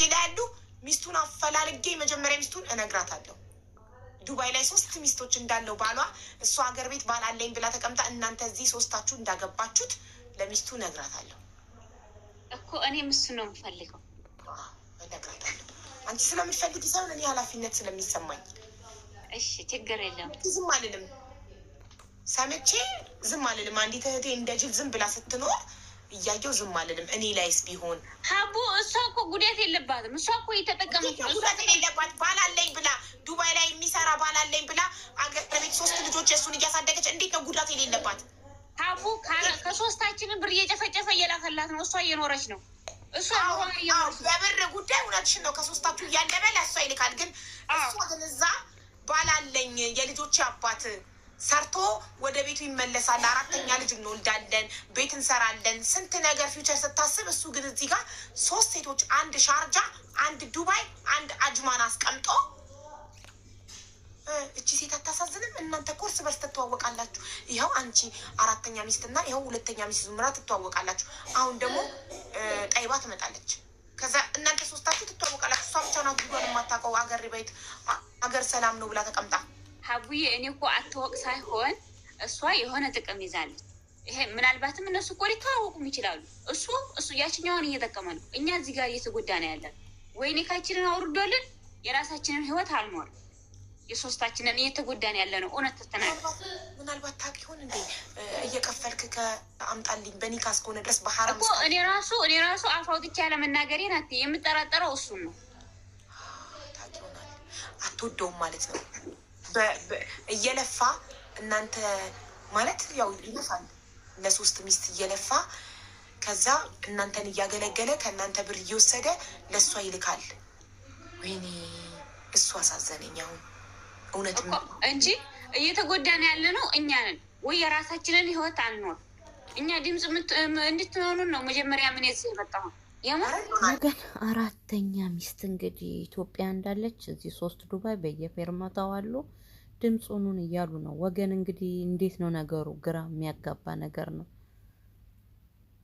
እጄ ላይ ያሉ ሚስቱን አፈላልጌ መጀመሪያ ሚስቱን እነግራታለሁ። ዱባይ ላይ ሶስት ሚስቶች እንዳለው ባሏ እሷ ሀገር ቤት ባል አለኝ ብላ ተቀምጣ እናንተ እዚህ ሶስታችሁ እንዳገባችሁት ለሚስቱ እነግራታለሁ እኮ እኔም እሱ ነው የምፈልገው። እነግራታለሁ አንቺ ስለምትፈልጊ ሳይሆን እኔ ኃላፊነት ስለሚሰማኝ እሺ፣ ችግር የለም ዝም አልልም። ሰምቼ ዝም አልልም። አንዲት እህቴ እንደ ጅል ዝም ብላ ስትኖር እያየው ዝም አልልም። እኔ ላይስ ቢሆን ሀቡ እሷ እኮ ጉዳት የለባትም። እሷ እኮ እየተጠቀመች ጉዳት የሌለባት ባላለኝ ብላ ዱባይ ላይ የሚሰራ ባላለኝ ብላ አገር ሶስት ልጆች እሱን እያሳደገች እንዴት ነው ጉዳት የሌለባት? ሀቡ ከሶስታችንን ብር እየጨፈጨፈ እየላከላት ነው። እሷ እየኖረች ነው። እሷ በብር ጉዳይ እውነትሽን ነው። ከሶስታችሁ እያለበ እሷ ይልካል። ግን እሷ ግን እዛ ባላለኝ የልጆች አባት ሰርቶ ወደ ቤቱ ይመለሳል። አራተኛ ልጅ እንወልዳለን፣ ቤት እንሰራለን፣ ስንት ነገር ፊውቸር ስታስብ። እሱ ግን እዚህ ጋር ሶስት ሴቶች፣ አንድ ሻርጃ፣ አንድ ዱባይ፣ አንድ አጅማን አስቀምጦ እቺ ሴት አታሳዝንም? እናንተ ኮርስ በርስ ትተዋወቃላችሁ። ይኸው አንቺ አራተኛ ሚስትና ይኸው ሁለተኛ ሚስት ዙምራ ትተዋወቃላችሁ። አሁን ደግሞ ጠይባ ትመጣለች። ከዛ እናንተ ሶስታችሁ ትተዋወቃላችሁ። እሷ ብቻ ናት ጉዷን የማታውቀው አገር ቤት አገር ሰላም ነው ብላ ተቀምጣ ሀቡዬ እኔ እኮ አትወቅ ሳይሆን እሷ የሆነ ጥቅም ይዛለች። ይሄ ምናልባትም እነሱ እኮ ሊተዋወቁም ይችላሉ። እሱ እሱ ያችኛውን እየጠቀመ ነው፣ እኛ እዚህ ጋር እየተጎዳ ነው ያለን። ወይኔ ካችንን አውርዶልን የራሳችንን ህይወት አልሟል። የሶስታችንን እየተጎዳን ያለ ነው። እውነት ተተናል። ምናልባት ታውቅ ይሆን እንዴ እየከፈልክ ከአምጣልኝ በኒካ እስከሆነ ድረስ ባህራ እኮ እኔ ራሱ እኔ ራሱ አፍ አውጥቼ ያለመናገሬ ናት የምጠራጠረው እሱን ነው። ታውቅ ይሆናል። አትወደውም ማለት ነው እየለፋ እናንተ ማለት ያው ይለፋል ለሶስት ሚስት እየለፋ ከዛ እናንተን እያገለገለ ከእናንተ ብር እየወሰደ ለእሷ ይልካል። ወይኔ እሱ አሳዘነኝ። አሁን እውነት እንጂ እየተጎዳን ያለ ነው እኛ ነን ወይ የራሳችንን ህይወት አንኖር እኛ ድምፅ እንድትሆኑን ነው መጀመሪያ ምን የዚህ የመጣሁን ወገን አራተኛ ሚስት እንግዲህ ኢትዮጵያ እንዳለች እዚህ ሶስት ዱባይ በየፌርማታው አሉ። ድምፁኑን እያሉ ነው ወገን። እንግዲህ እንዴት ነው ነገሩ? ግራ የሚያጋባ ነገር ነው።